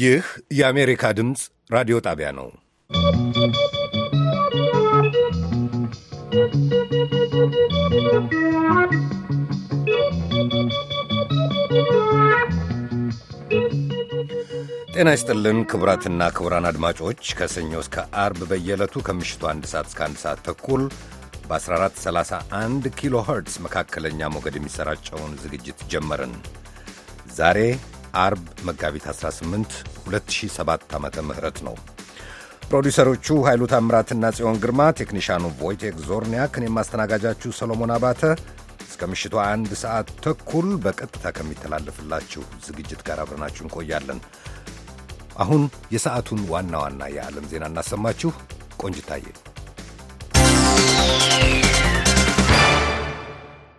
ይህ የአሜሪካ ድምፅ ራዲዮ ጣቢያ ነው። ጤና ይስጥልን ክቡራትና ክቡራን አድማጮች ከሰኞ እስከ አርብ በየዕለቱ ከምሽቱ አንድ ሰዓት እስከ አንድ ሰዓት ተኩል በ1431 ኪሎ ኸርትዝ መካከለኛ ሞገድ የሚሰራጨውን ዝግጅት ጀመርን። ዛሬ አርብ መጋቢት 18 2007 ዓመተ ምህረት ነው። ፕሮዲውሰሮቹ ኃይሉ ታምራትና ጽዮን ግርማ፣ ቴክኒሻኑ ቮይቴክ ዞርኒያክ፣ እኔም ማስተናጋጃችሁ ሰሎሞን አባተ እስከ ምሽቱ አንድ ሰዓት ተኩል በቀጥታ ከሚተላለፍላችሁ ዝግጅት ጋር አብረናችሁ እንቆያለን። አሁን የሰዓቱን ዋና ዋና የዓለም ዜና እናሰማችሁ። ቆንጅታዬ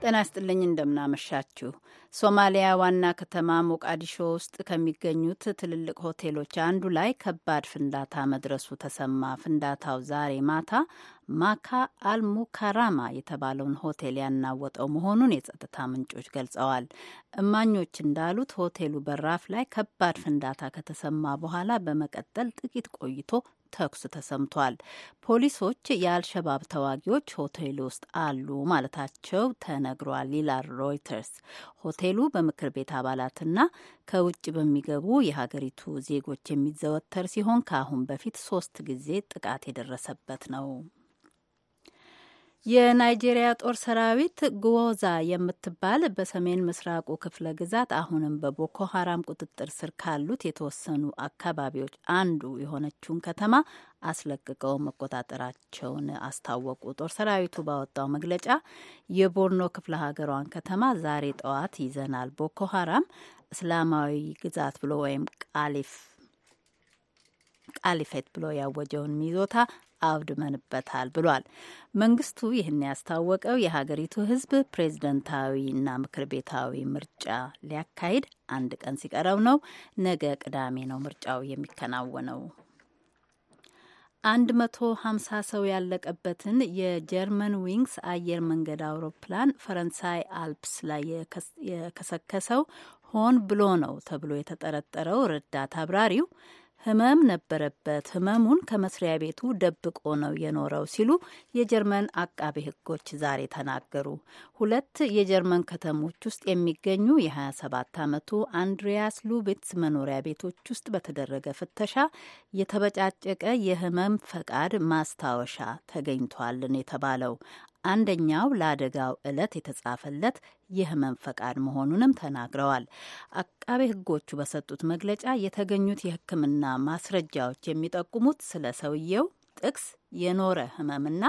ጤና ይስጥልኝ እንደምናመሻችሁ። ሶማሊያ ዋና ከተማ ሞቃዲሾ ውስጥ ከሚገኙት ትልልቅ ሆቴሎች አንዱ ላይ ከባድ ፍንዳታ መድረሱ ተሰማ። ፍንዳታው ዛሬ ማታ ማካ አልሙካራማ የተባለውን ሆቴል ያናወጠው መሆኑን የጸጥታ ምንጮች ገልጸዋል። እማኞች እንዳሉት ሆቴሉ በራፍ ላይ ከባድ ፍንዳታ ከተሰማ በኋላ በመቀጠል ጥቂት ቆይቶ ተኩስ ተሰምቷል። ፖሊሶች የአልሸባብ ተዋጊዎች ሆቴል ውስጥ አሉ ማለታቸው ተነግሯል ይላል ሮይተርስ። ሆቴሉ በምክር ቤት አባላትና ከውጭ በሚገቡ የሀገሪቱ ዜጎች የሚዘወተር ሲሆን ከአሁን በፊት ሶስት ጊዜ ጥቃት የደረሰበት ነው። የናይጄሪያ ጦር ሰራዊት ጉወዛ የምትባል በሰሜን ምስራቁ ክፍለ ግዛት አሁንም በቦኮ ሀራም ቁጥጥር ስር ካሉት የተወሰኑ አካባቢዎች አንዱ የሆነችውን ከተማ አስለቅቀው መቆጣጠራቸውን አስታወቁ። ጦር ሰራዊቱ ባወጣው መግለጫ የቦርኖ ክፍለ ሀገሯን ከተማ ዛሬ ጠዋት ይዘናል፣ ቦኮ ሀራም እስላማዊ ግዛት ብሎ ወይም ቃሊፍ ቃሊፌት ብሎ ያወጀውን ይዞታ አውድመንበታል ብሏል። መንግስቱ ይህን ያስታወቀው የሀገሪቱ ህዝብ ፕሬዝደንታዊና ምክር ቤታዊ ምርጫ ሊያካሂድ አንድ ቀን ሲቀረው ነው። ነገ ቅዳሜ ነው ምርጫው የሚከናወነው። አንድ መቶ ሀምሳ ሰው ያለቀበትን የጀርመን ዊንግስ አየር መንገድ አውሮፕላን ፈረንሳይ አልፕስ ላይ የከሰከሰው ሆን ብሎ ነው ተብሎ የተጠረጠረው ረዳት አብራሪው ህመም ነበረበት፣ ህመሙን ከመስሪያ ቤቱ ደብቆ ነው የኖረው ሲሉ የጀርመን አቃቤ ህጎች ዛሬ ተናገሩ። ሁለት የጀርመን ከተሞች ውስጥ የሚገኙ የ27 ዓመቱ አንድሪያስ ሉቤትስ መኖሪያ ቤቶች ውስጥ በተደረገ ፍተሻ የተበጫጨቀ የህመም ፈቃድ ማስታወሻ ተገኝቷል ነው የተባለው። አንደኛው ለአደጋው ዕለት የተጻፈለት የህመም ፈቃድ መሆኑንም ተናግረዋል። አቃቤ ህጎቹ በሰጡት መግለጫ የተገኙት የህክምና ማስረጃዎች የሚጠቁሙት ስለ ሰውየው ጥቅስ የኖረ ህመምና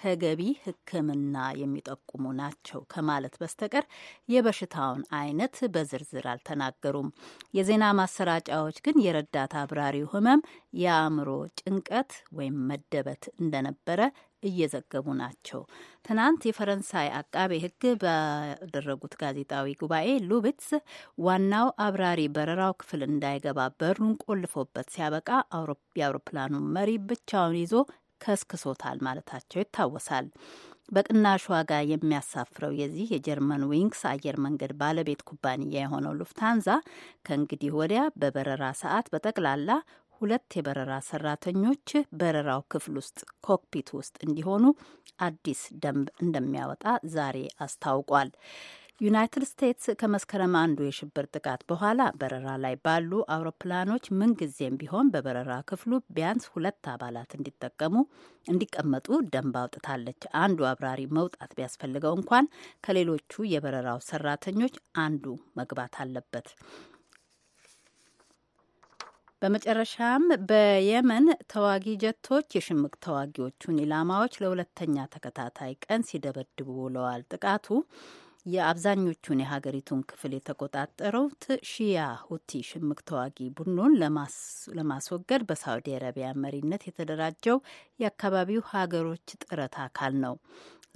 ተገቢ ህክምና የሚጠቁሙ ናቸው ከማለት በስተቀር የበሽታውን አይነት በዝርዝር አልተናገሩም። የዜና ማሰራጫዎች ግን የረዳት አብራሪው ህመም የአእምሮ ጭንቀት ወይም መደበት እንደነበረ እየዘገቡ ናቸው። ትናንት የፈረንሳይ አቃቤ ሕግ ባደረጉት ጋዜጣዊ ጉባኤ ሉቢትስ ዋናው አብራሪ በረራው ክፍል እንዳይገባ በሩን ቆልፎበት ሲያበቃ የአውሮፕላኑ መሪ ብቻውን ይዞ ከስክሶታል ማለታቸው ይታወሳል። በቅናሽ ዋጋ የሚያሳፍረው የዚህ የጀርመን ዊንግስ አየር መንገድ ባለቤት ኩባንያ የሆነው ሉፍታንዛ ከእንግዲህ ወዲያ በበረራ ሰዓት በጠቅላላ ሁለት የበረራ ሰራተኞች በረራው ክፍል ውስጥ ኮክፒት ውስጥ እንዲሆኑ አዲስ ደንብ እንደሚያወጣ ዛሬ አስታውቋል። ዩናይትድ ስቴትስ ከመስከረም አንዱ የሽብር ጥቃት በኋላ በረራ ላይ ባሉ አውሮፕላኖች ምንጊዜም ቢሆን በበረራ ክፍሉ ቢያንስ ሁለት አባላት እንዲጠቀሙ እንዲቀመጡ ደንብ አውጥታለች። አንዱ አብራሪ መውጣት ቢያስፈልገው እንኳን ከሌሎቹ የበረራው ሰራተኞች አንዱ መግባት አለበት። በመጨረሻም በየመን ተዋጊ ጀቶች የሽምቅ ተዋጊዎቹን ኢላማዎች ለሁለተኛ ተከታታይ ቀን ሲደበድቡ ውለዋል። ጥቃቱ የአብዛኞቹን የሀገሪቱን ክፍል የተቆጣጠሩት ሺያ ሁቲ ሽምቅ ተዋጊ ቡድኑን ለማስወገድ በሳዑዲ አረቢያ መሪነት የተደራጀው የአካባቢው ሀገሮች ጥረት አካል ነው።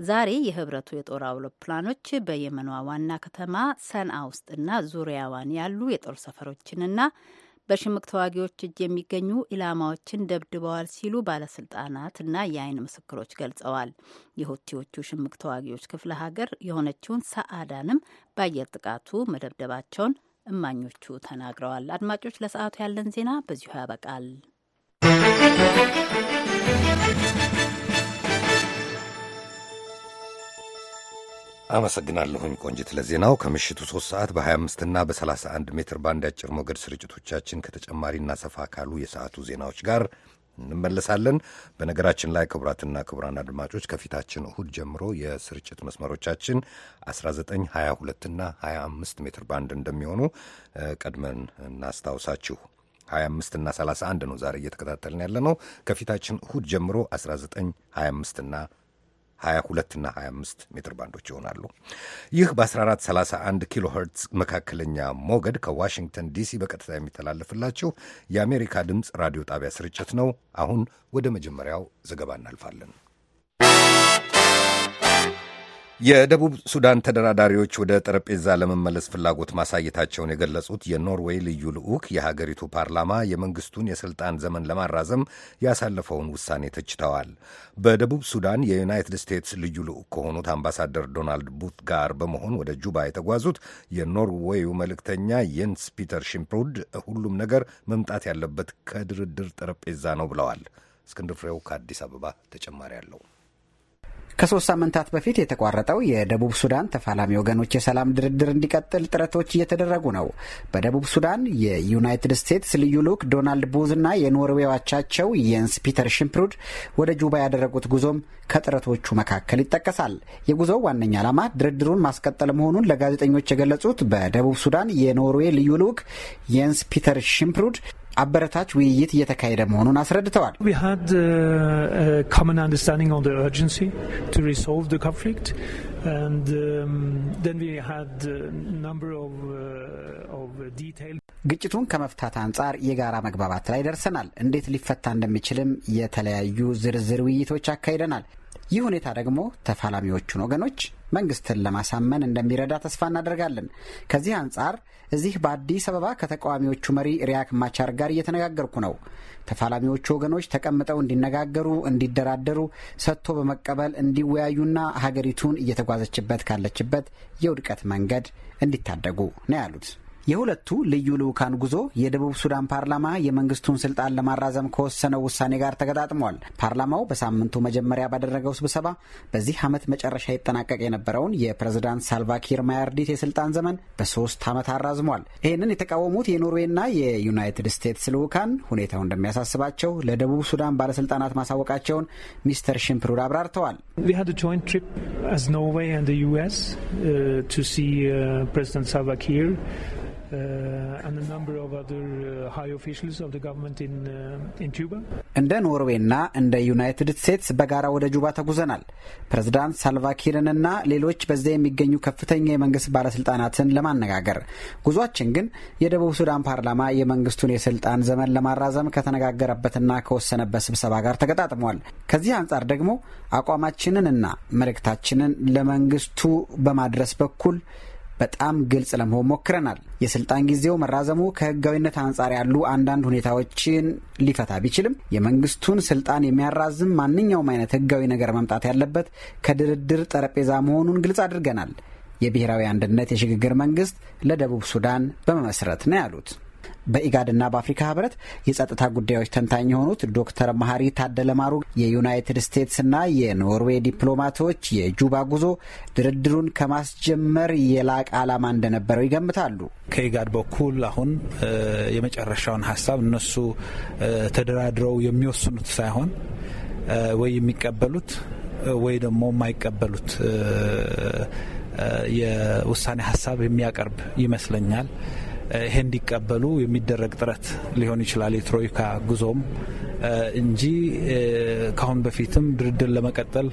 ዛሬ የህብረቱ የጦር አውሮፕላኖች በየመኗ ዋና ከተማ ሰንአ ውስጥና ዙሪያዋን ያሉ የጦር ሰፈሮችንና በሽምቅ ተዋጊዎች እጅ የሚገኙ ኢላማዎችን ደብድበዋል ሲሉ ባለስልጣናት እና የአይን ምስክሮች ገልጸዋል። የሁቲዎቹ ሽምቅ ተዋጊዎች ክፍለ ሀገር የሆነችውን ሰአዳንም በአየር ጥቃቱ መደብደባቸውን እማኞቹ ተናግረዋል። አድማጮች፣ ለሰዓቱ ያለን ዜና በዚሁ ያበቃል። አመሰግናለሁኝ ቆንጂት ለዜናው። ከምሽቱ 3 ሰዓት በ25 እና በ31 ሜትር ባንድ አጭር ሞገድ ስርጭቶቻችን ከተጨማሪና ሰፋ ካሉ የሰዓቱ ዜናዎች ጋር እንመለሳለን። በነገራችን ላይ ክቡራትና ክቡራን አድማጮች ከፊታችን እሁድ ጀምሮ የስርጭት መስመሮቻችን 19፣ 22ና 25 ሜትር ባንድ እንደሚሆኑ ቀድመን እናስታውሳችሁ። 25 እና 31 ነው ዛሬ እየተከታተልን ያለ ነው። ከፊታችን እሁድ ጀምሮ 19፣ 25ና 22 እና 25 ሜትር ባንዶች ይሆናሉ። ይህ በ1431 ኪሎ ኸርትዝ መካከለኛ ሞገድ ከዋሽንግተን ዲሲ በቀጥታ የሚተላለፍላችሁ የአሜሪካ ድምፅ ራዲዮ ጣቢያ ስርጭት ነው። አሁን ወደ መጀመሪያው ዘገባ እናልፋለን። የደቡብ ሱዳን ተደራዳሪዎች ወደ ጠረጴዛ ለመመለስ ፍላጎት ማሳየታቸውን የገለጹት የኖርዌይ ልዩ ልዑክ የሀገሪቱ ፓርላማ የመንግስቱን የሥልጣን ዘመን ለማራዘም ያሳለፈውን ውሳኔ ተችተዋል። በደቡብ ሱዳን የዩናይትድ ስቴትስ ልዩ ልዑክ ከሆኑት አምባሳደር ዶናልድ ቡት ጋር በመሆን ወደ ጁባ የተጓዙት የኖርዌዩ መልእክተኛ የንስ ፒተር ሽምፕሩድ ሁሉም ነገር መምጣት ያለበት ከድርድር ጠረጴዛ ነው ብለዋል። እስክንድር ፍሬው ከአዲስ አበባ ተጨማሪ አለው። ከሶስት ሳምንታት በፊት የተቋረጠው የደቡብ ሱዳን ተፋላሚ ወገኖች የሰላም ድርድር እንዲቀጥል ጥረቶች እየተደረጉ ነው። በደቡብ ሱዳን የዩናይትድ ስቴትስ ልዩ ልዑክ ዶናልድ ቡዝና የኖርዌይ አቻቸው የንስ ፒተር ሽምፕሩድ ወደ ጁባ ያደረጉት ጉዞም ከጥረቶቹ መካከል ይጠቀሳል። የጉዞው ዋነኛ ዓላማ ድርድሩን ማስቀጠል መሆኑን ለጋዜጠኞች የገለጹት በደቡብ ሱዳን የኖርዌይ ልዩ ልዑክ የንስ ፒተር ሽምፕሩድ አበረታች ውይይት እየተካሄደ መሆኑን አስረድተዋል። uh, um, uh, ግጭቱን ከመፍታት አንጻር የጋራ መግባባት ላይ ደርሰናል። እንዴት ሊፈታ እንደሚችልም የተለያዩ ዝርዝር ውይይቶች አካሂደናል። ይህ ሁኔታ ደግሞ ተፋላሚዎቹን ወገኖች መንግስትን ለማሳመን እንደሚረዳ ተስፋ እናደርጋለን። ከዚህ አንጻር እዚህ በአዲስ አበባ ከተቃዋሚዎቹ መሪ ሪያክ ማቻር ጋር እየተነጋገርኩ ነው። ተፋላሚዎቹ ወገኖች ተቀምጠው እንዲነጋገሩ፣ እንዲደራደሩ፣ ሰጥቶ በመቀበል እንዲወያዩና ሀገሪቱን እየተጓዘችበት ካለችበት የውድቀት መንገድ እንዲታደጉ ነው ያሉት። የሁለቱ ልዩ ልዑካን ጉዞ የደቡብ ሱዳን ፓርላማ የመንግስቱን ስልጣን ለማራዘም ከወሰነው ውሳኔ ጋር ተገጣጥሟል። ፓርላማው በሳምንቱ መጀመሪያ ባደረገው ስብሰባ በዚህ ዓመት መጨረሻ ይጠናቀቅ የነበረውን የፕሬዝዳንት ሳልቫኪር ማያርዲት የስልጣን ዘመን በሶስት ዓመት አራዝሟል። ይህንን የተቃወሙት የኖርዌይና የዩናይትድ ስቴትስ ልዑካን ሁኔታው እንደሚያሳስባቸው ለደቡብ ሱዳን ባለስልጣናት ማሳወቃቸውን ሚስተር ሽምፕሩድ አብራርተዋል። Uh, uh, uh, እንደ ኖርዌይና እንደ ዩናይትድ ስቴትስ በጋራ ወደ ጁባ ተጉዘናል። ፕሬዝዳንት ሳልቫኪርንና ሌሎች በዚያ የሚገኙ ከፍተኛ የመንግስት ባለስልጣናትን ለማነጋገር። ጉዟችን ግን የደቡብ ሱዳን ፓርላማ የመንግስቱን የስልጣን ዘመን ለማራዘም ከተነጋገረበትና ከወሰነበት ስብሰባ ጋር ተገጣጥሟል። ከዚህ አንጻር ደግሞ አቋማችንን እና መልእክታችንን ለመንግስቱ በማድረስ በኩል በጣም ግልጽ ለመሆን ሞክረናል። የስልጣን ጊዜው መራዘሙ ከህጋዊነት አንጻር ያሉ አንዳንድ ሁኔታዎችን ሊፈታ ቢችልም የመንግስቱን ስልጣን የሚያራዝም ማንኛውም አይነት ህጋዊ ነገር መምጣት ያለበት ከድርድር ጠረጴዛ መሆኑን ግልጽ አድርገናል። የብሔራዊ አንድነት የሽግግር መንግስት ለደቡብ ሱዳን በመመስረት ነው ያሉት በኢጋድና በአፍሪካ ህብረት የጸጥታ ጉዳዮች ተንታኝ የሆኑት ዶክተር መሀሪ ታደለ ማሩ የዩናይትድ ስቴትስና የኖርዌይ ዲፕሎማቶች የጁባ ጉዞ ድርድሩን ከማስጀመር የላቀ ዓላማ እንደነበረው ይገምታሉ። ከኢጋድ በኩል አሁን የመጨረሻውን ሀሳብ እነሱ ተደራድረው የሚወስኑት ሳይሆን ወይ የሚቀበሉት ወይ ደግሞ የማይቀበሉት የውሳኔ ሀሳብ የሚያቀርብ ይመስለኛል። ይሄ እንዲቀበሉ የሚደረግ ጥረት ሊሆን ይችላል የትሮይካ ጉዞም እንጂ ከአሁን በፊትም ድርድር ለመቀጠል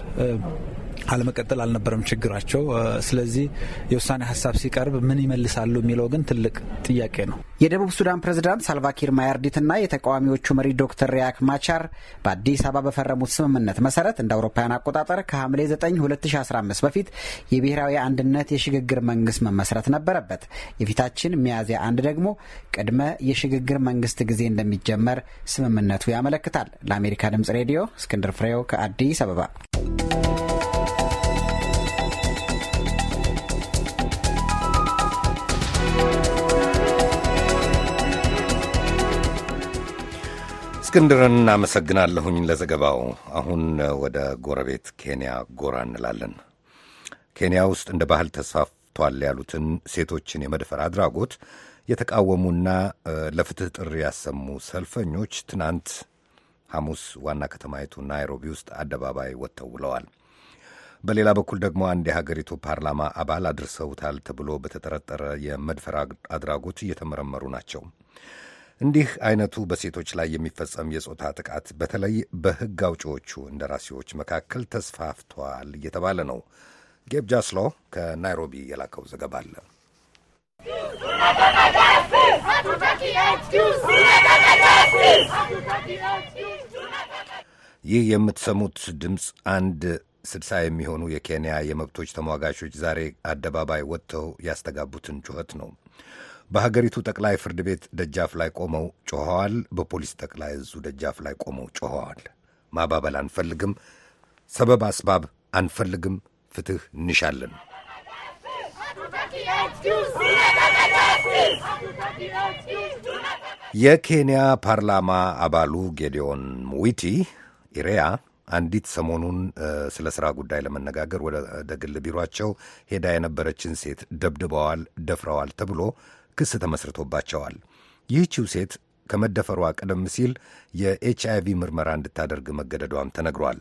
አለመቀጠል አልነበረም ችግራቸው። ስለዚህ የውሳኔ ሀሳብ ሲቀርብ ምን ይመልሳሉ የሚለው ግን ትልቅ ጥያቄ ነው። የደቡብ ሱዳን ፕሬዝዳንት ሳልቫኪር ማያርዲትና የተቃዋሚዎቹ መሪ ዶክተር ሪያክ ማቻር በአዲስ አበባ በፈረሙት ስምምነት መሰረት እንደ አውሮፓውያን አቆጣጠር ከሐምሌ 9 2015 በፊት የብሔራዊ አንድነት የሽግግር መንግስት መመስረት ነበረበት። የፊታችን ሚያዝያ አንድ ደግሞ ቅድመ የሽግግር መንግስት ጊዜ እንደሚጀመር ስምምነቱ ያመለክታል። ለአሜሪካ ድምጽ ሬዲዮ እስክንድር ፍሬው ከአዲስ አበባ እስክንድርን እናመሰግናለሁኝ ለዘገባው። አሁን ወደ ጎረቤት ኬንያ ጎራ እንላለን። ኬንያ ውስጥ እንደ ባህል ተስፋፍቷል ያሉትን ሴቶችን የመድፈር አድራጎት የተቃወሙና ለፍትህ ጥሪ ያሰሙ ሰልፈኞች ትናንት ሐሙስ ዋና ከተማይቱ ናይሮቢ ውስጥ አደባባይ ወጥተው ውለዋል። በሌላ በኩል ደግሞ አንድ የሀገሪቱ ፓርላማ አባል አድርሰውታል ተብሎ በተጠረጠረ የመድፈር አድራጎት እየተመረመሩ ናቸው። እንዲህ አይነቱ በሴቶች ላይ የሚፈጸም የጾታ ጥቃት በተለይ በሕግ አውጪዎቹ እንደራሴዎች መካከል ተስፋፍቷል እየተባለ ነው። ጌብ ጃስሎ ከናይሮቢ የላከው ዘገባ አለ። ይህ የምትሰሙት ድምፅ አንድ ስድሳ የሚሆኑ የኬንያ የመብቶች ተሟጋቾች ዛሬ አደባባይ ወጥተው ያስተጋቡትን ጩኸት ነው። በሀገሪቱ ጠቅላይ ፍርድ ቤት ደጃፍ ላይ ቆመው ጮኸዋል። በፖሊስ ጠቅላይ እዙ ደጃፍ ላይ ቆመው ጮኸዋል። ማባበል አንፈልግም፣ ሰበብ አስባብ አንፈልግም፣ ፍትህ እንሻለን። የኬንያ ፓርላማ አባሉ ጌዲዮን ሙዊቲ ኢሬያ አንዲት ሰሞኑን ስለ ስራ ጉዳይ ለመነጋገር ወደ ግል ቢሯቸው ሄዳ የነበረችን ሴት ደብድበዋል፣ ደፍረዋል ተብሎ ክስ ተመስርቶባቸዋል። ይህችው ሴት ከመደፈሯ ቀደም ሲል የኤች አይቪ ምርመራ እንድታደርግ መገደዷም ተነግሯል።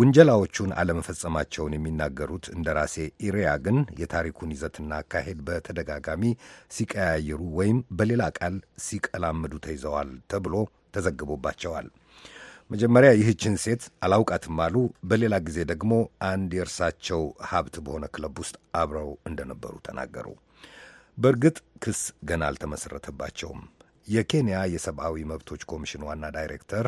ውንጀላዎቹን አለመፈጸማቸውን የሚናገሩት እንደራሴ ኢሪያ ግን የታሪኩን ይዘትና አካሄድ በተደጋጋሚ ሲቀያየሩ ወይም በሌላ ቃል ሲቀላምዱ ተይዘዋል ተብሎ ተዘግቦባቸዋል። መጀመሪያ ይህችን ሴት አላውቃትም አሉ። በሌላ ጊዜ ደግሞ አንድ የእርሳቸው ሀብት በሆነ ክለብ ውስጥ አብረው እንደነበሩ ተናገሩ። በእርግጥ ክስ ገና አልተመሠረተባቸውም። የኬንያ የሰብአዊ መብቶች ኮሚሽን ዋና ዳይሬክተር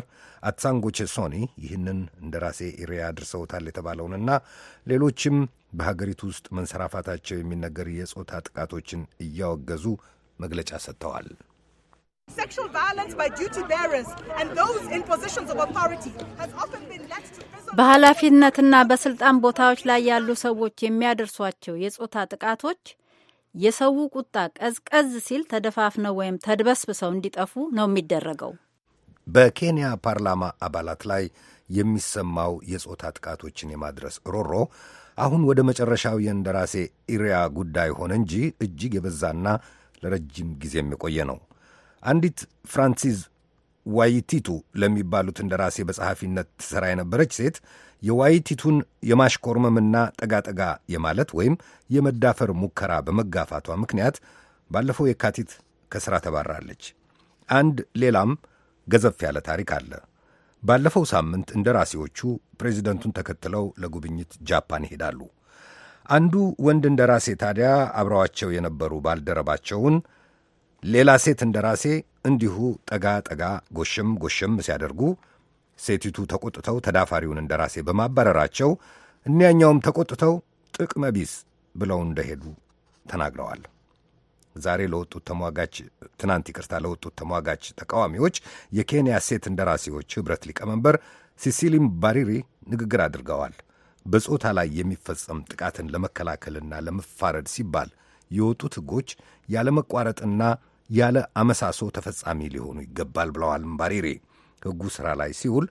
አትሳንጎቼ ሶኒ ይህንን እንደራሴ ኢሪያ አድርሰውታል የተባለውንና ሌሎችም በሀገሪቱ ውስጥ መንሰራፋታቸው የሚነገር የጾታ ጥቃቶችን እያወገዙ መግለጫ ሰጥተዋል። በኃላፊነትና በስልጣን ቦታዎች ላይ ያሉ ሰዎች የሚያደርሷቸው የጾታ ጥቃቶች የሰው ቁጣ ቀዝቀዝ ሲል ተደፋፍነው ወይም ተድበስብሰው እንዲጠፉ ነው የሚደረገው። በኬንያ ፓርላማ አባላት ላይ የሚሰማው የጾታ ጥቃቶችን የማድረስ ሮሮ አሁን ወደ መጨረሻው የእንደራሴ ኢሪያ ጉዳይ ሆነ እንጂ እጅግ የበዛና ለረጅም ጊዜ የቆየ ነው። አንዲት ፍራንሲዝ ዋይቲቱ ለሚባሉት እንደራሴ በጸሐፊነት ትሠራ የነበረች ሴት የዋይቲቱን የማሽኮርመምና ጠጋጠጋ የማለት ወይም የመዳፈር ሙከራ በመጋፋቷ ምክንያት ባለፈው የካቲት ከሥራ ተባራለች። አንድ ሌላም ገዘፍ ያለ ታሪክ አለ። ባለፈው ሳምንት እንደራሴዎቹ ፕሬዚደንቱን ተከትለው ለጉብኝት ጃፓን ይሄዳሉ። አንዱ ወንድ እንደራሴ ታዲያ አብረዋቸው የነበሩ ባልደረባቸውን ሌላ ሴት እንደ ራሴ እንዲሁ ጠጋ ጠጋ ጎሽም ጎሽም ሲያደርጉ ሴቲቱ ተቆጥተው ተዳፋሪውን እንደ ራሴ በማባረራቸው እኒያኛውም ተቆጥተው ጥቅመ ቢስ ብለው እንደሄዱ ተናግረዋል። ዛሬ ለወጡት ተሟጋች ትናንት ይቅርታ፣ ለወጡት ተሟጋች ተቃዋሚዎች የኬንያ ሴት እንደራሴዎች ኅብረት ሊቀመንበር ሲሲሊ ባሪሪ ንግግር አድርገዋል። በጾታ ላይ የሚፈጸም ጥቃትን ለመከላከልና ለመፋረድ ሲባል የወጡት ሕጎች ያለመቋረጥና ያለ አመሳሶ ተፈጻሚ ሊሆኑ ይገባል ብለዋል ምባሬሬ። ሕጉ ሥራ ላይ ሲውል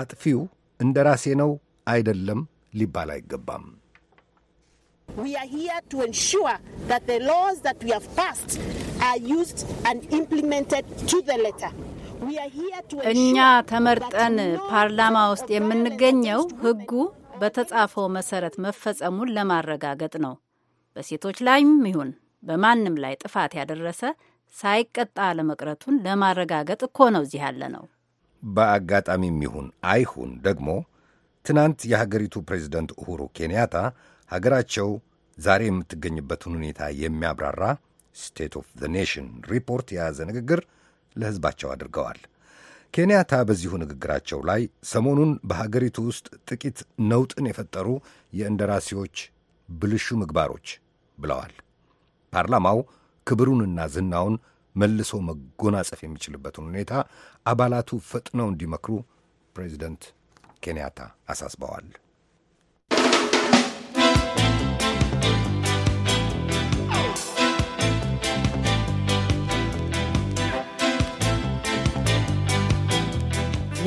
አጥፊው እንደ ራሴ ነው አይደለም ሊባል አይገባም። እኛ ተመርጠን ፓርላማ ውስጥ የምንገኘው ሕጉ በተጻፈው መሰረት መፈጸሙን ለማረጋገጥ ነው። በሴቶች ላይም ይሁን በማንም ላይ ጥፋት ያደረሰ ሳይቀጣ አለመቅረቱን ለማረጋገጥ እኮ ነው እዚህ ያለ ነው። በአጋጣሚም ይሁን አይሁን ደግሞ ትናንት የሀገሪቱ ፕሬዚደንት ኡሁሩ ኬንያታ ሀገራቸው ዛሬ የምትገኝበትን ሁኔታ የሚያብራራ ስቴት ኦፍ ዘ ኔሽን ሪፖርት የያዘ ንግግር ለሕዝባቸው አድርገዋል። ኬንያታ በዚሁ ንግግራቸው ላይ ሰሞኑን በሀገሪቱ ውስጥ ጥቂት ነውጥን የፈጠሩ የእንደራሴዎች ብልሹ ምግባሮች ብለዋል። ፓርላማው ክብሩንና ዝናውን መልሶ መጎናጸፍ የሚችልበትን ሁኔታ አባላቱ ፈጥነው እንዲመክሩ ፕሬዚደንት ኬንያታ አሳስበዋል።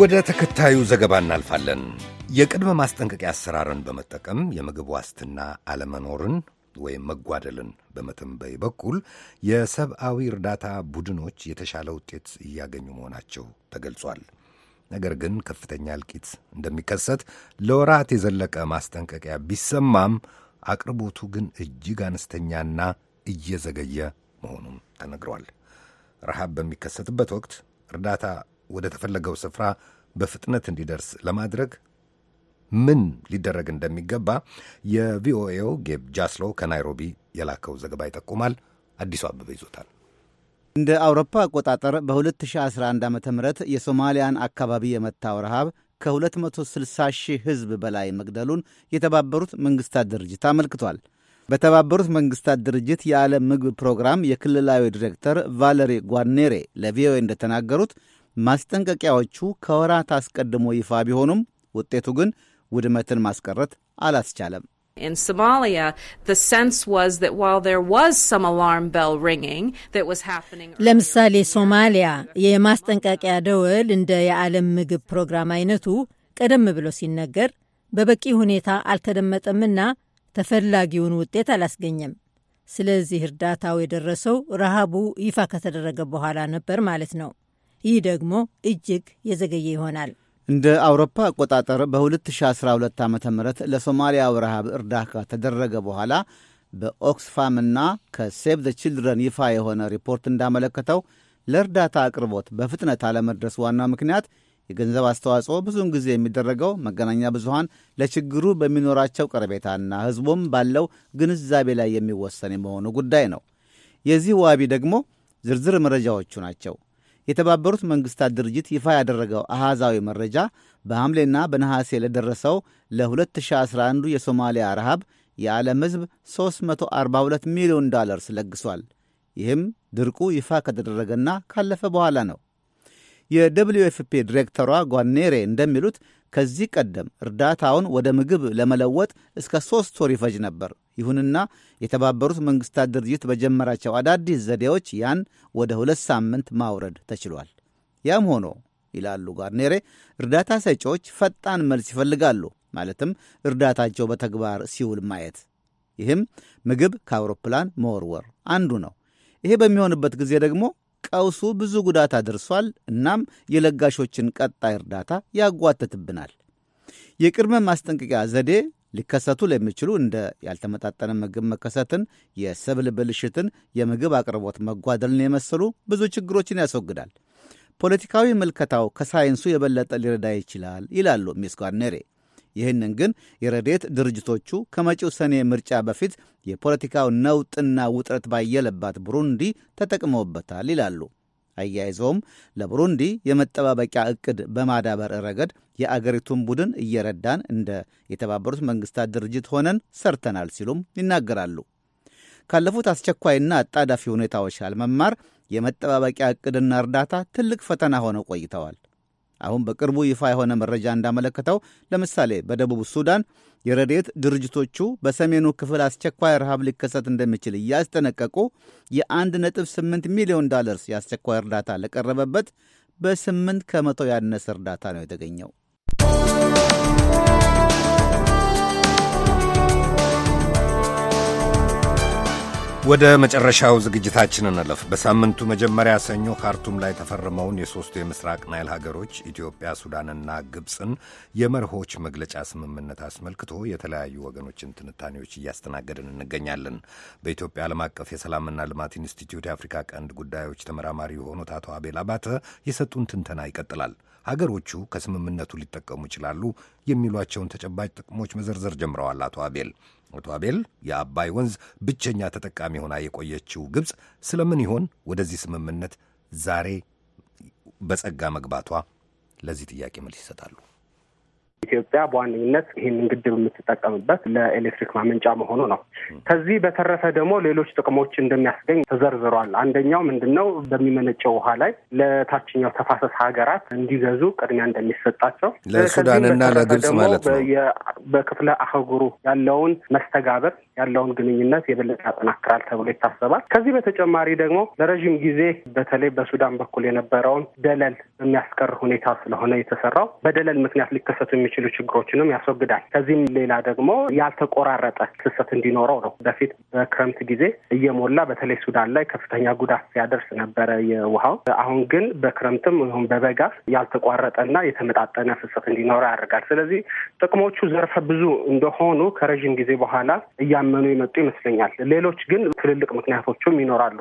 ወደ ተከታዩ ዘገባ እናልፋለን። የቅድመ ማስጠንቀቂያ አሰራርን በመጠቀም የምግብ ዋስትና አለመኖርን ወይም መጓደልን በመተንበይ በኩል የሰብአዊ እርዳታ ቡድኖች የተሻለ ውጤት እያገኙ መሆናቸው ተገልጿል። ነገር ግን ከፍተኛ እልቂት እንደሚከሰት ለወራት የዘለቀ ማስጠንቀቂያ ቢሰማም አቅርቦቱ ግን እጅግ አነስተኛና እየዘገየ መሆኑም ተነግሯል። ረሃብ በሚከሰትበት ወቅት እርዳታ ወደ ተፈለገው ስፍራ በፍጥነት እንዲደርስ ለማድረግ ምን ሊደረግ እንደሚገባ የቪኦኤው ጌብ ጃስሎ ከናይሮቢ የላከው ዘገባ ይጠቁማል። አዲሱ አበበ ይዞታል። እንደ አውሮፓ አቆጣጠር በ2011 ዓ ም የሶማሊያን አካባቢ የመታው ረሃብ ከ260 ሺህ ሕዝብ በላይ መግደሉን የተባበሩት መንግሥታት ድርጅት አመልክቷል። በተባበሩት መንግሥታት ድርጅት የዓለም ምግብ ፕሮግራም የክልላዊ ዲሬክተር ቫለሪ ጓኔሬ ለቪኦኤ እንደተናገሩት ማስጠንቀቂያዎቹ ከወራት አስቀድሞ ይፋ ቢሆኑም ውጤቱ ግን ውድመትን ማስቀረት አላስቻለም። In Somalia, the sense was that while there was some alarm bell ringing that was happening. ለምሳሌ ሶማሊያ የማስጠንቀቂያ ደወል እንደ የዓለም ምግብ ፕሮግራም አይነቱ ቀደም ብሎ ሲነገር በበቂ ሁኔታ አልተደመጠምና ተፈላጊውን ውጤት አላስገኘም። ስለዚህ እርዳታው የደረሰው ረሃቡ ይፋ ከተደረገ በኋላ ነበር ማለት ነው። ይህ ደግሞ እጅግ የዘገየ ይሆናል። እንደ አውሮፓ አቆጣጠር በ2012 ዓ ም ለሶማሊያው ረሃብ እርዳታ ተደረገ በኋላ በኦክስፋምና ከሴቭ ዘ ችልድረን ይፋ የሆነ ሪፖርት እንዳመለከተው ለእርዳታ አቅርቦት በፍጥነት አለመድረስ ዋናው ምክንያት የገንዘብ አስተዋጽኦ ብዙውን ጊዜ የሚደረገው መገናኛ ብዙሃን ለችግሩ በሚኖራቸው ቀረቤታና ሕዝቡም ባለው ግንዛቤ ላይ የሚወሰን የመሆኑ ጉዳይ ነው። የዚህ ዋቢ ደግሞ ዝርዝር መረጃዎቹ ናቸው። የተባበሩት መንግስታት ድርጅት ይፋ ያደረገው አሃዛዊ መረጃ በሐምሌና በነሐሴ ለደረሰው ለ2011 የሶማሊያ ረሃብ የዓለም ሕዝብ 342 ሚሊዮን ዶላርስ ለግሷል። ይህም ድርቁ ይፋ ከተደረገና ካለፈ በኋላ ነው። የደብሊዩ ኤፍፒ ዲሬክተሯ ጓኔሬ እንደሚሉት ከዚህ ቀደም እርዳታውን ወደ ምግብ ለመለወጥ እስከ ሦስት ወር ይፈጅ ነበር። ይሁንና የተባበሩት መንግሥታት ድርጅት በጀመራቸው አዳዲስ ዘዴዎች ያን ወደ ሁለት ሳምንት ማውረድ ተችሏል። ያም ሆኖ ይላሉ ጋርኔሬ፣ እርዳታ ሰጪዎች ፈጣን መልስ ይፈልጋሉ። ማለትም እርዳታቸው በተግባር ሲውል ማየት። ይህም ምግብ ከአውሮፕላን መወርወር አንዱ ነው። ይሄ በሚሆንበት ጊዜ ደግሞ ቀውሱ ብዙ ጉዳት አድርሷል። እናም የለጋሾችን ቀጣይ እርዳታ ያጓትትብናል። የቅድመ ማስጠንቀቂያ ዘዴ ሊከሰቱ ለሚችሉ እንደ ያልተመጣጠነ ምግብ መከሰትን፣ የሰብል ብልሽትን፣ የምግብ አቅርቦት መጓደልን የመሰሉ ብዙ ችግሮችን ያስወግዳል። ፖለቲካዊ ምልከታው ከሳይንሱ የበለጠ ሊረዳ ይችላል ይላሉ ሚስ ጓርኔሬ። ይህንን ግን የረዴት ድርጅቶቹ ከመጪው ሰኔ ምርጫ በፊት የፖለቲካው ነውጥና ውጥረት ባየለባት ቡሩንዲ ተጠቅመውበታል ይላሉ። አያይዘውም ለብሩንዲ የመጠባበቂያ እቅድ በማዳበር ረገድ የአገሪቱን ቡድን እየረዳን እንደ የተባበሩት መንግስታት ድርጅት ሆነን ሰርተናል ሲሉም ይናገራሉ። ካለፉት አስቸኳይና አጣዳፊ ሁኔታዎች አለመማር የመጠባበቂያ እቅድና እርዳታ ትልቅ ፈተና ሆነው ቆይተዋል። አሁን በቅርቡ ይፋ የሆነ መረጃ እንዳመለከተው ለምሳሌ በደቡብ ሱዳን የረድኤት ድርጅቶቹ በሰሜኑ ክፍል አስቸኳይ ረሃብ ሊከሰት እንደሚችል እያስጠነቀቁ የ1.8 ሚሊዮን ዳለርስ የአስቸኳይ እርዳታ ለቀረበበት በ8 ከመቶ ያነሰ እርዳታ ነው የተገኘው። ወደ መጨረሻው ዝግጅታችን እንለፍ። በሳምንቱ መጀመሪያ ሰኞ ካርቱም ላይ ተፈረመውን የሦስቱ የምስራቅ ናይል ሀገሮች ኢትዮጵያ፣ ሱዳንና ግብፅን የመርሆች መግለጫ ስምምነት አስመልክቶ የተለያዩ ወገኖችን ትንታኔዎች እያስተናገድን እንገኛለን። በኢትዮጵያ ዓለም አቀፍ የሰላምና ልማት ኢንስቲትዩት የአፍሪካ ቀንድ ጉዳዮች ተመራማሪ የሆኑት አቶ አቤል አባተ የሰጡን ትንተና ይቀጥላል። ሀገሮቹ ከስምምነቱ ሊጠቀሙ ይችላሉ የሚሏቸውን ተጨባጭ ጥቅሞች መዘርዘር ጀምረዋል። አቶ አቤል አቶ አቤል የአባይ ወንዝ ብቸኛ ተጠቃሚ ሆና የቆየችው ግብፅ ስለምን ይሆን ወደዚህ ስምምነት ዛሬ በጸጋ መግባቷ? ለዚህ ጥያቄ መልስ ይሰጣሉ። ኢትዮጵያ በዋነኝነት ይህንን ግድብ የምትጠቀምበት ለኤሌክትሪክ ማመንጫ መሆኑ ነው። ከዚህ በተረፈ ደግሞ ሌሎች ጥቅሞች እንደሚያስገኝ ተዘርዝሯል። አንደኛው ምንድን ነው? በሚመነጨው ውሃ ላይ ለታችኛው ተፋሰስ ሀገራት እንዲገዙ ቅድሚያ እንደሚሰጣቸው ለሱዳንና ለግብጽ ማለት ነው። በክፍለ አህጉሩ ያለውን መስተጋብር ያለውን ግንኙነት የበለጠ ያጠናክራል ተብሎ ይታሰባል። ከዚህ በተጨማሪ ደግሞ ለረዥም ጊዜ በተለይ በሱዳን በኩል የነበረውን ደለል የሚያስቀር ሁኔታ ስለሆነ የተሰራው በደለል ምክንያት ሊከሰቱ የሚችሉ ችግሮችንም ያስወግዳል። ከዚህም ሌላ ደግሞ ያልተቆራረጠ ፍሰት እንዲኖረው ነው። በፊት በክረምት ጊዜ እየሞላ በተለይ ሱዳን ላይ ከፍተኛ ጉዳት ሲያደርስ ነበረ የውሃው። አሁን ግን በክረምትም ይሁን በበጋ ያልተቋረጠና የተመጣጠነ ፍሰት እንዲኖረው ያደርጋል። ስለዚህ ጥቅሞቹ ዘርፈ ብዙ እንደሆኑ ከረዥም ጊዜ በኋላ እያ እያመኑ የመጡ ይመስለኛል። ሌሎች ግን ትልልቅ ምክንያቶችም ይኖራሉ።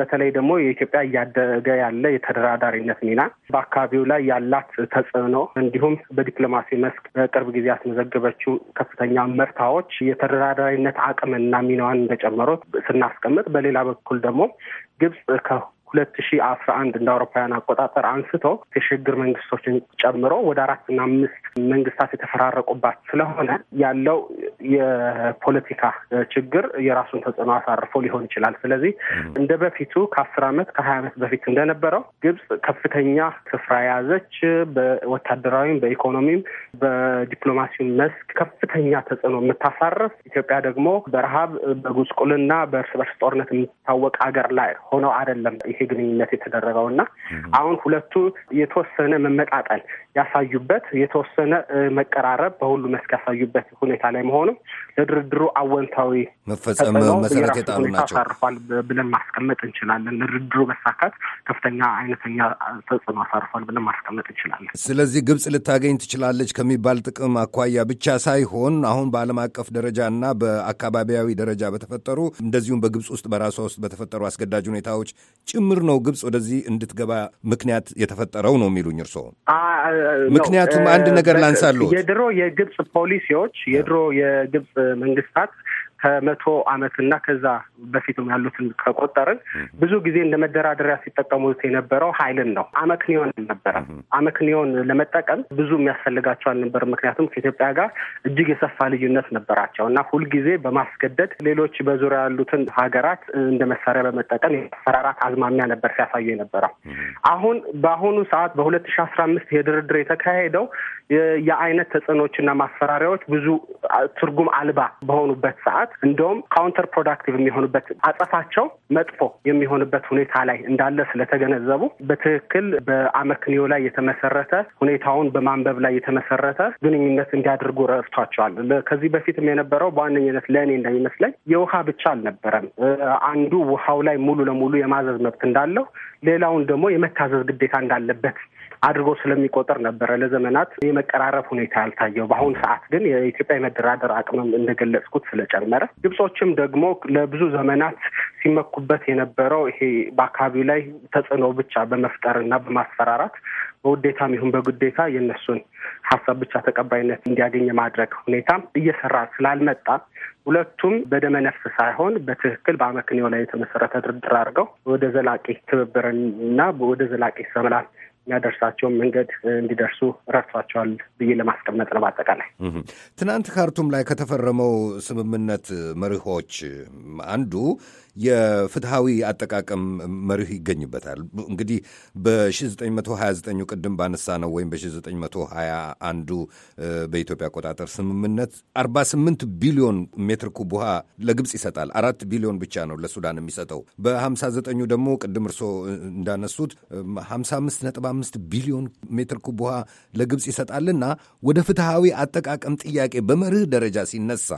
በተለይ ደግሞ የኢትዮጵያ እያደገ ያለ የተደራዳሪነት ሚና፣ በአካባቢው ላይ ያላት ተጽዕኖ እንዲሁም በዲፕሎማሲ መስክ በቅርብ ጊዜ ያስመዘገበችው ከፍተኛ መርታዎች የተደራዳሪነት አቅምና ሚናዋን እንደጨመሩት ስናስቀምጥ፣ በሌላ በኩል ደግሞ ግብጽ ሁለት ሺ አስራ አንድ እንደ አውሮፓውያን አቆጣጠር አንስቶ የሽግግር መንግስቶችን ጨምሮ ወደ አራትና አምስት መንግስታት የተፈራረቁባት ስለሆነ ያለው የፖለቲካ ችግር የራሱን ተጽዕኖ አሳርፎ ሊሆን ይችላል። ስለዚህ እንደ በፊቱ ከአስር አመት ከሀያ አመት በፊት እንደነበረው ግብጽ ከፍተኛ ስፍራ የያዘች በወታደራዊም በኢኮኖሚም በዲፕሎማሲው መስክ ከፍተኛ ተጽዕኖ የምታሳርፍ ኢትዮጵያ ደግሞ በረሃብ በጉስቁልና በእርስ በርስ ጦርነት የምትታወቅ ሀገር ላይ ሆነው አይደለም ይሄ ግንኙነት የተደረገው እና አሁን ሁለቱ የተወሰነ መመጣጠን ያሳዩበት የተወሰነ መቀራረብ በሁሉ መስክ ያሳዩበት ሁኔታ ላይ መሆኑ ለድርድሩ አወንታዊ መፈጸም መሰረት የጣሉ ናቸው አሳርፏል ብለን ማስቀመጥ እንችላለን። ለድርድሩ መሳካት ከፍተኛ አይነተኛ ተጽዕኖ አሳርፏል ብለን ማስቀመጥ እንችላለን። ስለዚህ ግብጽ ልታገኝ ትችላለች ከሚባል ጥቅም አኳያ ብቻ ሳይሆን አሁን በዓለም አቀፍ ደረጃ እና በአካባቢያዊ ደረጃ በተፈጠሩ እንደዚሁም በግብጽ ውስጥ በራሷ ውስጥ በተፈጠሩ አስገዳጅ ሁኔታዎች ጭ በድምር ነው ግብፅ ወደዚህ እንድትገባ ምክንያት የተፈጠረው ነው የሚሉኝ እርሶ? ምክንያቱም አንድ ነገር ላንሳለሁ። የድሮ የግብፅ ፖሊሲዎች የድሮ የግብፅ መንግስታት ከመቶ እና ከዛ በፊትም ያሉትን ከቆጠርን ብዙ ጊዜ እንደ መደራደሪያ ሲጠቀሙት የነበረው ኃይልን ነው። አመክንዮን ነበረ። አመክንዮን ለመጠቀም ብዙ የሚያስፈልጋቸው አልነበር። ምክንያቱም ከኢትዮጵያ ጋር እጅግ የሰፋ ልዩነት ነበራቸው እና ሁልጊዜ በማስገደድ ሌሎች በዙሪያ ያሉትን ሀገራት እንደ መሳሪያ በመጠቀም የማስፈራራት አዝማሚያ ነበር ሲያሳዩ የነበረው። አሁን በአሁኑ ሰዓት በሁለት ሺ አስራ አምስት የድርድር የተካሄደው የአይነት ተጽዕኖችና ማስፈራሪያዎች ብዙ ትርጉም አልባ በሆኑበት ሰዓት መምጣት እንደውም ካውንተር ፕሮዳክቲቭ የሚሆንበት አጸፋቸው መጥፎ የሚሆንበት ሁኔታ ላይ እንዳለ ስለተገነዘቡ በትክክል በአመክንዮ ላይ የተመሰረተ ሁኔታውን በማንበብ ላይ የተመሰረተ ግንኙነት እንዲያደርጉ ረድቷቸዋል። ከዚህ በፊትም የነበረው በዋነኝነት ለእኔ እንደሚመስለኝ የውሃ ብቻ አልነበረም። አንዱ ውሃው ላይ ሙሉ ለሙሉ የማዘዝ መብት እንዳለው፣ ሌላውን ደግሞ የመታዘዝ ግዴታ እንዳለበት አድርጎ ስለሚቆጠር ነበረ ለዘመናት የመቀራረብ ሁኔታ ያልታየው። በአሁኑ ሰዓት ግን የኢትዮጵያ የመደራደር አቅምም እንደገለጽኩት ስለጨመረ ግብጾችም ደግሞ ለብዙ ዘመናት ሲመኩበት የነበረው ይሄ በአካባቢው ላይ ተጽዕኖ ብቻ በመፍጠር እና በማስፈራራት በውዴታም ይሁን በግዴታ የእነሱን ሀሳብ ብቻ ተቀባይነት እንዲያገኝ የማድረግ ሁኔታ እየሰራ ስላልመጣ ሁለቱም በደመ ነፍስ ሳይሆን በትክክል በአመክንዮ ላይ የተመሰረተ ድርድር አድርገው ወደ ዘላቂ ትብብርና ወደ ዘላቂ ሰላም የሚያደርሳቸውን መንገድ እንዲደርሱ ረድቷቸዋል ብዬ ለማስቀመጥ ነው። በአጠቃላይ ትናንት ካርቱም ላይ ከተፈረመው ስምምነት መርሆች አንዱ የፍትሐዊ አጠቃቀም መርህ ይገኝበታል። እንግዲህ በ1929 ቅድም ባነሳ ነው ወይም በ1921 በኢትዮጵያ አቆጣጠር ስምምነት 48 ቢሊዮን ሜትር ኩብ ውሃ ለግብፅ ይሰጣል። አራት ቢሊዮን ብቻ ነው ለሱዳን የሚሰጠው። በ59 ደግሞ ቅድም እርሶ እንዳነሱት 55 ነጥብ አምስት ቢሊዮን ሜትር ኩብ ውሃ ለግብፅ ይሰጣልና ወደ ፍትሐዊ አጠቃቀም ጥያቄ በመርህ ደረጃ ሲነሳ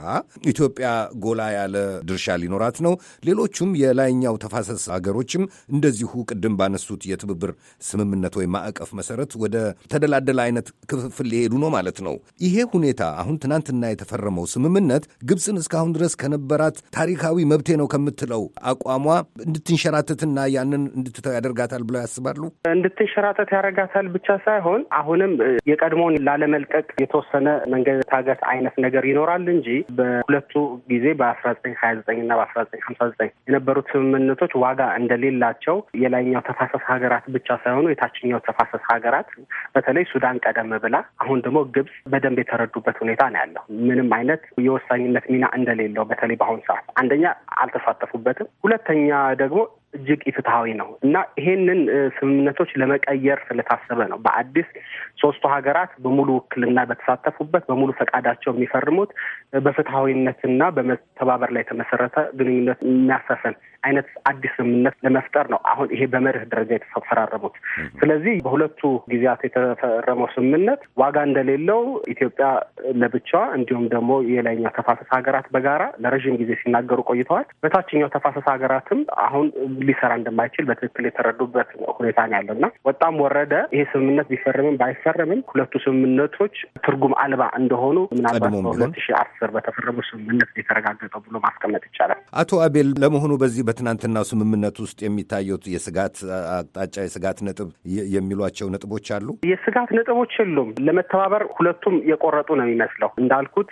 ኢትዮጵያ ጎላ ያለ ድርሻ ሊኖራት ነው። ሌሎቹም የላይኛው ተፋሰስ ሀገሮችም እንደዚሁ ቅድም ባነሱት የትብብር ስምምነት ወይም ማዕቀፍ መሰረት ወደ ተደላደለ አይነት ክፍፍል ሊሄዱ ነው ማለት ነው። ይሄ ሁኔታ አሁን ትናንትና የተፈረመው ስምምነት ግብፅን እስካሁን ድረስ ከነበራት ታሪካዊ መብቴ ነው ከምትለው አቋሟ እንድትንሸራተትና ያንን እንድትተው ያደርጋታል ብለው ያስባሉ። እንድትንሸራተት ወጣት ያረጋታል ብቻ ሳይሆን አሁንም የቀድሞውን ላለመልቀቅ የተወሰነ መንገድ ታገት አይነት ነገር ይኖራል እንጂ በሁለቱ ጊዜ በአስራ ዘጠኝ ሀያ ዘጠኝ እና በአስራ ዘጠኝ ሀምሳ ዘጠኝ የነበሩት ስምምነቶች ዋጋ እንደሌላቸው የላይኛው ተፋሰስ ሀገራት ብቻ ሳይሆኑ የታችኛው ተፋሰስ ሀገራት በተለይ ሱዳን ቀደም ብላ አሁን ደግሞ ግብጽ በደንብ የተረዱበት ሁኔታ ነው ያለው። ምንም አይነት የወሳኝነት ሚና እንደሌለው በተለይ በአሁኑ ሰዓት አንደኛ አልተሳተፉበትም፣ ሁለተኛ ደግሞ እጅግ ኢፍትሐዊ ነው እና ይሄንን ስምምነቶች ለመቀየር ስለታሰበ ነው በአዲስ ሶስቱ ሀገራት በሙሉ ውክልና በተሳተፉበት በሙሉ ፈቃዳቸው የሚፈርሙት በፍትሐዊነትና በመተባበር ላይ የተመሰረተ ግንኙነት የሚያሰፍን አይነት አዲስ ስምምነት ለመፍጠር ነው አሁን ይሄ በመርህ ደረጃ የተፈራረሙት። ስለዚህ በሁለቱ ጊዜያት የተፈረመው ስምምነት ዋጋ እንደሌለው ኢትዮጵያ ለብቻዋ እንዲሁም ደግሞ የላይኛው ተፋሰስ ሀገራት በጋራ ለረዥም ጊዜ ሲናገሩ ቆይተዋል። በታችኛው ተፋሰስ ሀገራትም አሁን ሊሰራ እንደማይችል በትክክል የተረዱበት ሁኔታ ነው እና ወጣም ወረደ ይሄ ስምምነት ቢፈርምም ባይፈርምም ሁለቱ ስምምነቶች ትርጉም አልባ እንደሆኑ ምናልባት በሁለት ሺህ ስር በተፈረመው ስምምነት የተረጋገጠው ብሎ ማስቀመጥ ይቻላል። አቶ አቤል፣ ለመሆኑ በዚህ በትናንትናው ስምምነት ውስጥ የሚታየው የስጋት አቅጣጫ፣ የስጋት ነጥብ የሚሏቸው ነጥቦች አሉ? የስጋት ነጥቦች የሉም። ለመተባበር ሁለቱም የቆረጡ ነው የሚመስለው እንዳልኩት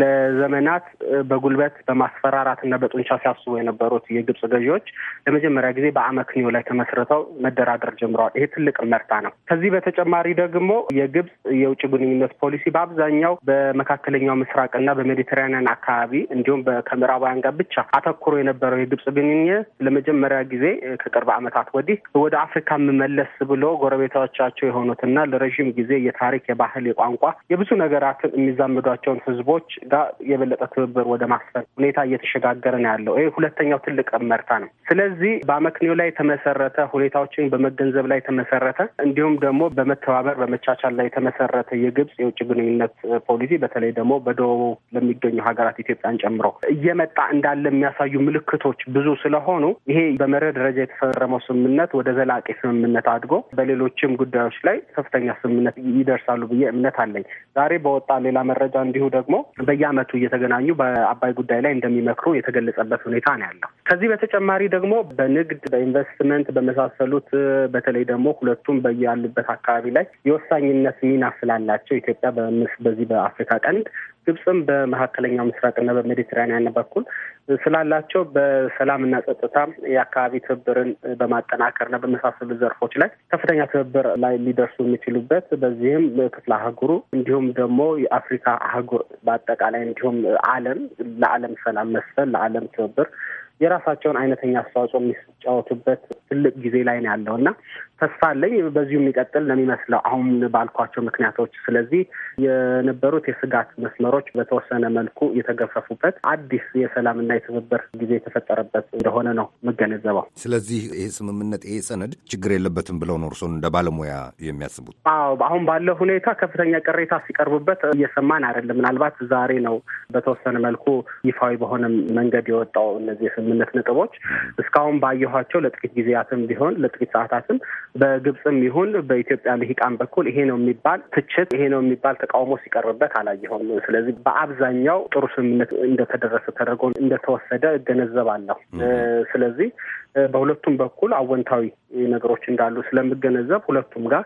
ለዘመናት በጉልበት በማስፈራራትና በጡንቻ ሲያስቡ የነበሩት የግብጽ ገዢዎች ለመጀመሪያ ጊዜ በአመክንዮ ላይ ተመስርተው መደራደር ጀምረዋል። ይሄ ትልቅ መርታ ነው። ከዚህ በተጨማሪ ደግሞ የግብጽ የውጭ ግንኙነት ፖሊሲ በአብዛኛው በመካከለኛው ምስራቅና በሜዲትራኒያን አካባቢ እንዲሁም ከምዕራባውያን ጋር ብቻ አተኩሮ የነበረው የግብጽ ግንኙነት ለመጀመሪያ ጊዜ ከቅርብ ዓመታት ወዲህ ወደ አፍሪካ የምመለስ ብሎ ጎረቤታዎቻቸው የሆኑትና ለረዥም ጊዜ የታሪክ፣ የባህል፣ የቋንቋ የብዙ ነገራትን የሚዛመዷቸውን ህዝቦች ጋር የበለጠ ትብብር ወደ ማስፈን ሁኔታ እየተሸጋገረ ነው ያለው። ይህ ሁለተኛው ትልቅ መርታ ነው። ስለዚህ በአመክንዮ ላይ የተመሰረተ ሁኔታዎችን በመገንዘብ ላይ የተመሰረተ እንዲሁም ደግሞ በመተባበር በመቻቻል ላይ የተመሰረተ የግብጽ የውጭ ግንኙነት ፖሊሲ በተለይ ደግሞ በደቡቡ ለሚገኙ ሀገራት ኢትዮጵያን ጨምሮ እየመጣ እንዳለ የሚያሳዩ ምልክቶች ብዙ ስለሆኑ ይሄ በመርህ ደረጃ የተፈረመው ስምምነት ወደ ዘላቂ ስምምነት አድጎ በሌሎችም ጉዳዮች ላይ ከፍተኛ ስምምነት ይደርሳሉ ብዬ እምነት አለኝ። ዛሬ በወጣ ሌላ መረጃ እንዲሁ ደግሞ በየአመቱ እየተገናኙ በአባይ ጉዳይ ላይ እንደሚመክሩ የተገለጸበት ሁኔታ ነው ያለው። ከዚህ በተጨማሪ ደግሞ በንግድ፣ በኢንቨስትመንት በመሳሰሉት በተለይ ደግሞ ሁለቱም በያሉበት አካባቢ ላይ የወሳኝነት ሚና ስላላቸው ኢትዮጵያ በዚህ በአፍሪካ ቀንድ ግብፅም በመካከለኛው ምስራቅና በሜዲትራኒያን በኩል ስላላቸው በሰላምና ጸጥታ የአካባቢ ትብብርን በማጠናከርና በመሳሰሉ ዘርፎች ላይ ከፍተኛ ትብብር ላይ ሊደርሱ የሚችሉበት በዚህም ክፍለ አህጉሩ እንዲሁም ደግሞ የአፍሪካ አህጉር በአጠቃላይ እንዲሁም ዓለም ለዓለም ሰላም መስፈን ለዓለም ትብብር የራሳቸውን አይነተኛ አስተዋጽኦ የሚጫወቱበት ትልቅ ጊዜ ላይ ነው ያለው እና ተስፋ አለኝ በዚሁ የሚቀጥል ነው የሚመስለው አሁን ባልኳቸው ምክንያቶች። ስለዚህ የነበሩት የስጋት መስመሮች በተወሰነ መልኩ የተገፈፉበት አዲስ የሰላምና የትብብር ጊዜ የተፈጠረበት እንደሆነ ነው የምገነዘበው። ስለዚህ ይሄ ስምምነት ይሄ ሰነድ ችግር የለበትም ብለው ነው እርስዎን እንደ ባለሙያ የሚያስቡት? አዎ፣ አሁን ባለው ሁኔታ ከፍተኛ ቅሬታ ሲቀርቡበት እየሰማን አይደለም። ምናልባት ዛሬ ነው በተወሰነ መልኩ ይፋዊ በሆነ መንገድ የወጣው እነዚህ የስምምነት ነጥቦች እስካሁን ባየኋቸው ለጥቂት ጊዜያትም ቢሆን ለጥቂት ሰዓታትም በግብፅም ይሁን በኢትዮጵያ ልሂቃን በኩል ይሄ ነው የሚባል ትችት፣ ይሄ ነው የሚባል ተቃውሞ ሲቀርብበት አላየሁም። ስለዚህ በአብዛኛው ጥሩ ስምምነት እንደተደረሰ ተደርጎ እንደተወሰደ እገነዘባለሁ። ስለዚህ በሁለቱም በኩል አወንታዊ ነገሮች እንዳሉ ስለምገነዘብ ሁለቱም ጋር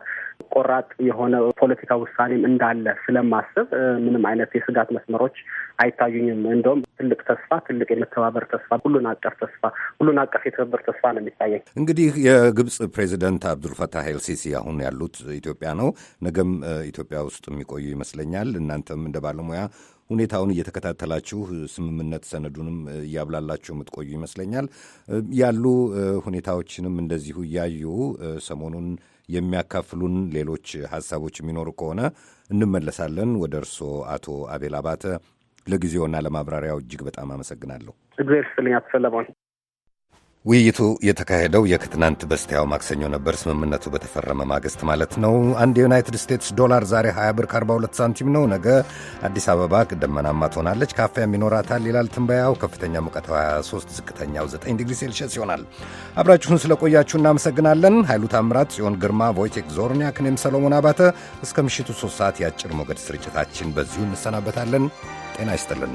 ቆራጥ የሆነ ፖለቲካ ውሳኔም እንዳለ ስለማስብ ምንም አይነት የስጋት መስመሮች አይታዩኝም። እንደውም ትልቅ ተስፋ፣ ትልቅ የመተባበር ተስፋ፣ ሁሉን አቀፍ ተስፋ፣ ሁሉን አቀፍ የትብብር ተስፋ ነው የሚታየኝ። እንግዲህ የግብጽ ፕሬዚደንት አብዱልፈታህ ኤልሲሲ አሁን ያሉት ኢትዮጵያ ነው። ነገም ኢትዮጵያ ውስጥ የሚቆዩ ይመስለኛል። እናንተም እንደ ባለሙያ ሁኔታውን እየተከታተላችሁ ስምምነት ሰነዱንም እያብላላችሁ የምትቆዩ ይመስለኛል። ያሉ ሁኔታዎችንም እንደዚሁ እያዩ ሰሞኑን የሚያካፍሉን ሌሎች ሀሳቦች የሚኖሩ ከሆነ እንመለሳለን። ወደ እርስዎ አቶ አቤል አባተ ለጊዜውና ለማብራሪያው እጅግ በጣም አመሰግናለሁ። እግዚአብሔር ይስጥልኝ ሰለሞን። ውይይቱ የተካሄደው የከትናንት በስቲያው ማክሰኞ ነበር። ስምምነቱ በተፈረመ ማግስት ማለት ነው። አንድ የዩናይትድ ስቴትስ ዶላር ዛሬ 20 ብር ከ42 ሳንቲም ነው። ነገ አዲስ አበባ ደመናማ ትሆናለች፣ ካፋያም ይኖራታል ይላል ትንበያው። ከፍተኛ ሙቀት 23፣ ዝቅተኛው 9 ዲግሪ ሴልሽስ ይሆናል። አብራችሁን ስለቆያችሁ እናመሰግናለን። ኃይሉ ታምራት፣ ጽዮን ግርማ፣ ቮይቴክ ዞርኒያክ፣ እኔም ሰሎሞን አባተ እስከ ምሽቱ 3 ሰዓት የአጭር ሞገድ ስርጭታችን በዚሁ እንሰናበታለን። ጤና ይስጥልን።